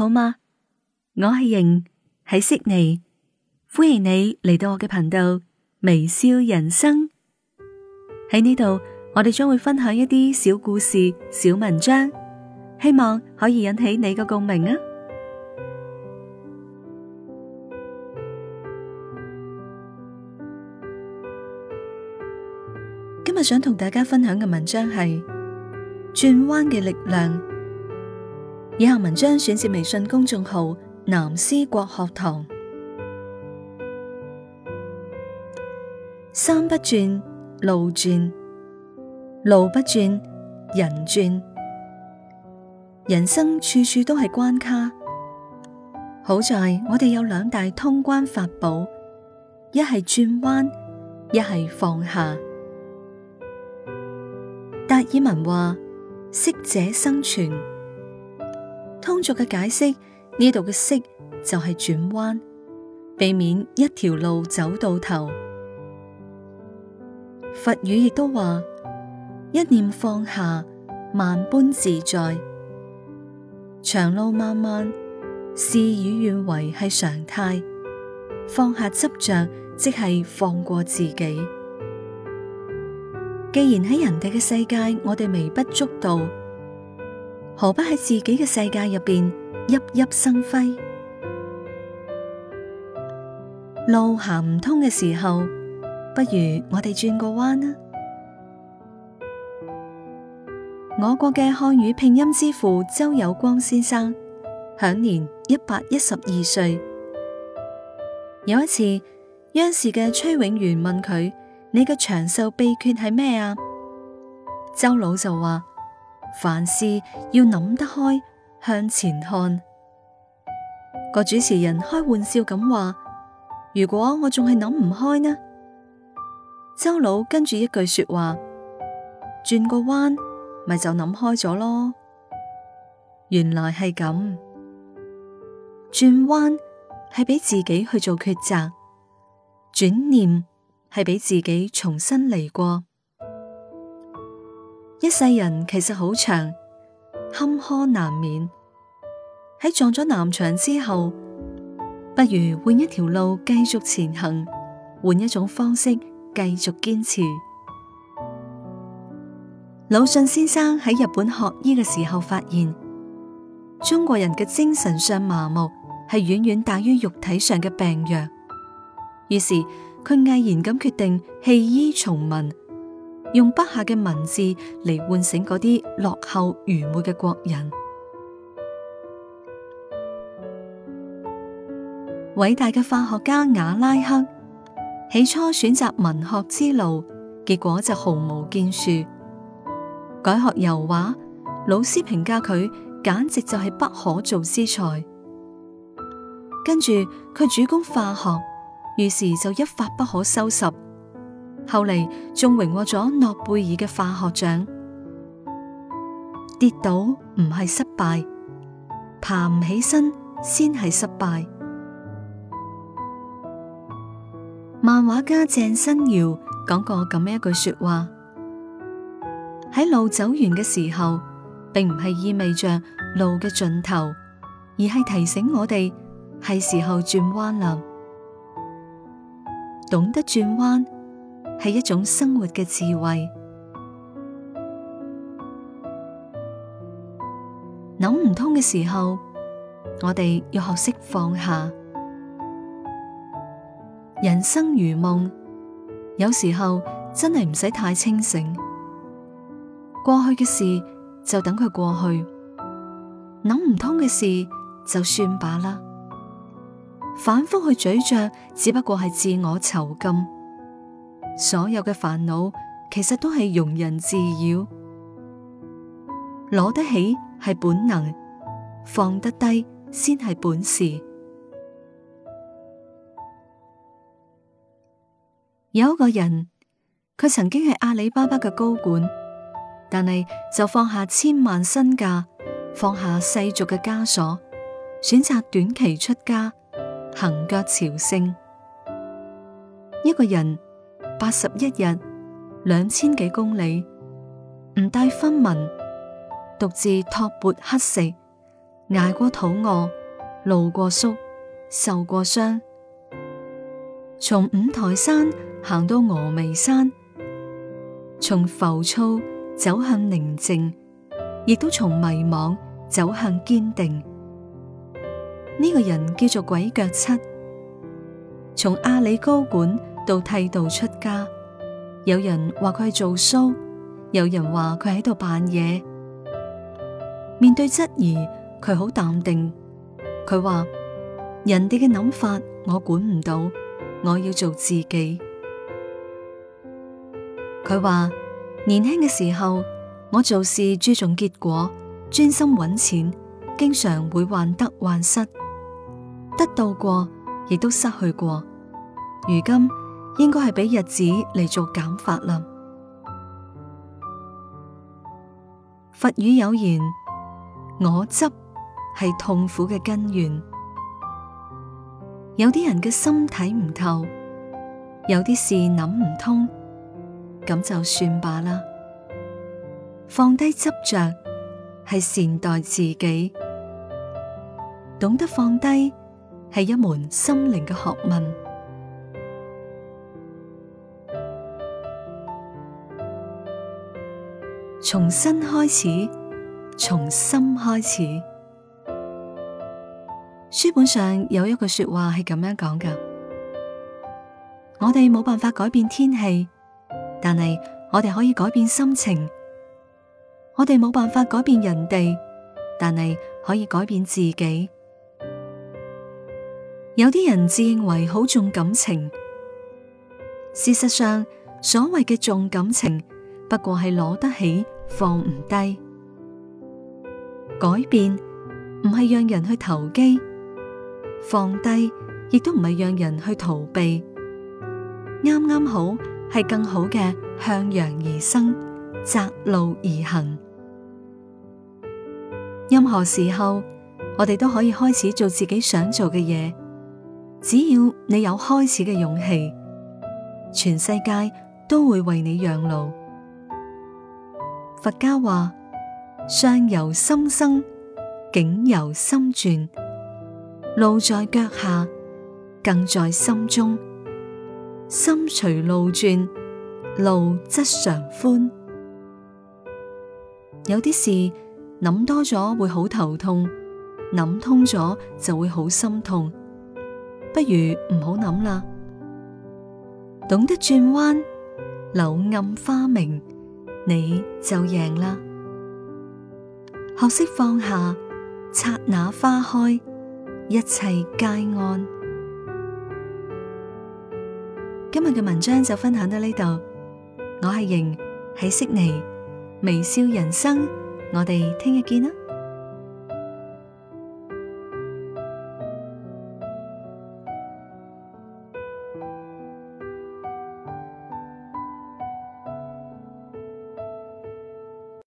好嗎？我係瑩，喺悉尼，歡迎你嚟到我嘅頻道微笑人生。喺呢度，我哋將會分享一啲小故事、小文章，希望可以引起你嘅共鳴啊！今日想同大家分享嘅文章係轉彎嘅力量。以下文章選自微信公眾號南師國學堂。山不轉，路轉，路不轉人轉。人生處處都係關卡，好在我哋有兩大通關法寶：一係轉彎，一係放下。達爾文話：適者生存。通俗嘅解釋，呢度嘅色就係轉彎，避免一條路走到頭。佛語亦都話：一念放下，萬般自在；長路漫漫，事與願違係常態。放下執着，即係放過自己。既然喺人哋嘅世界，我哋微不足道。何不喺自己嘅世界入邊熠熠生輝？路行唔通嘅時候，不如我哋轉個彎啦。我國嘅漢語拼音之父周有光先生享年一百一十二歲。有一次，央視嘅崔永元問佢：你嘅長壽秘訣係咩啊？周老就話：凡事要諗得開，向前看。個主持人開玩笑咁話：如果我仲係諗唔開呢？周老跟住一句說話，轉個彎，咪就諗開咗咯。原來係咁，轉彎係俾自己去做抉擇，轉念係俾自己重新嚟過。一世人其實好長，坎坷難免。喺撞咗南牆之後，不如換一條路繼續前行，換一種方式繼續堅持。魯迅先生喺日本學醫嘅時候發現，中國人嘅精神上麻木係遠遠大於肉體上嘅病弱，於是佢毅然咁決定棄醫從文。用筆下嘅文字嚟喚醒嗰啲落後愚昧嘅國人。偉大嘅化學家瓦拉克起初選擇文學之路，結果就毫無建樹。改學油畫，老師評價佢簡直就係不可造之材。跟住佢主攻化學，於是就一發不可收拾。後嚟仲榮獲咗諾貝爾嘅化學獎。跌倒唔係失敗，爬唔起身先係失敗。漫畫家鄭新遙講過咁樣一句說話：喺路走完嘅時候，並唔係意味着路嘅盡頭，而係提醒我哋係時候轉彎啦。懂得轉彎。係一種生活嘅智慧，諗唔通嘅時候，我哋要學識放下。人生如夢，有時候真係唔使太清醒。過去嘅事就等佢過去，諗唔通嘅事就算罷啦。反復去咀嚼，只不過係自我囚禁。所有嘅煩惱其實都係庸人自擾，攞得起係本能，放得低先係本事。 有一個人，佢曾經係阿里巴巴嘅高管，但係就放下千萬身價，放下世俗嘅枷鎖，選擇短期出家，行腳朝聖。一個人。八十一日，兩千幾公里，唔帶分文，獨自托缽乞食，捱過肚餓，露過宿，受過傷，從五台山行到峨眉山，從浮躁走向寧靜，亦都從迷惘走向堅定。呢、這個人叫做鬼腳七，從阿里高管。到剃度出家，有人話佢係做 show，有人話佢喺度扮嘢。面對質疑，佢好淡定。佢話人哋嘅諗法我管唔到，我要做自己。佢話年輕嘅時候，我做事注重結果，專心揾錢，經常會患得患失，得到過亦都失去過。如今，應該係俾日子嚟做減法啦。佛語有言：我執係痛苦嘅根源。有啲人嘅心睇唔透，有啲事諗唔通，咁就算吧啦。放低執着係善待自己，懂得放低係一門心靈嘅學問。從新開始，從心開始。書本上有一句說話係咁樣講㗎：我哋冇辦法改變天氣，但係我哋可以改變心情；我哋冇辦法改變人哋，但係可以改變自己。有啲人自認為好重感情，事實上所謂嘅重感情，不過係攞得起。放唔低，改變唔係讓人去投機，放低亦都唔係讓人去逃避，啱啱好係更好嘅，向陽而生，擇路而行。任何時候，我哋都可以開始做自己想做嘅嘢，只要你有開始嘅勇氣，全世界都會為你讓路。佛家話：相由心生，境由心轉，路在腳下，更在心中。心隨路轉，路則常寬。有啲事諗多咗會好頭痛，諗通咗就會好心痛，不如唔好諗啦。懂得轉彎，柳暗花明。你就贏啦！學識放下，刹那花開，一切皆安。今日嘅文章就分享到呢度，我係盈喺悉尼微笑人生，我哋聽日見啦。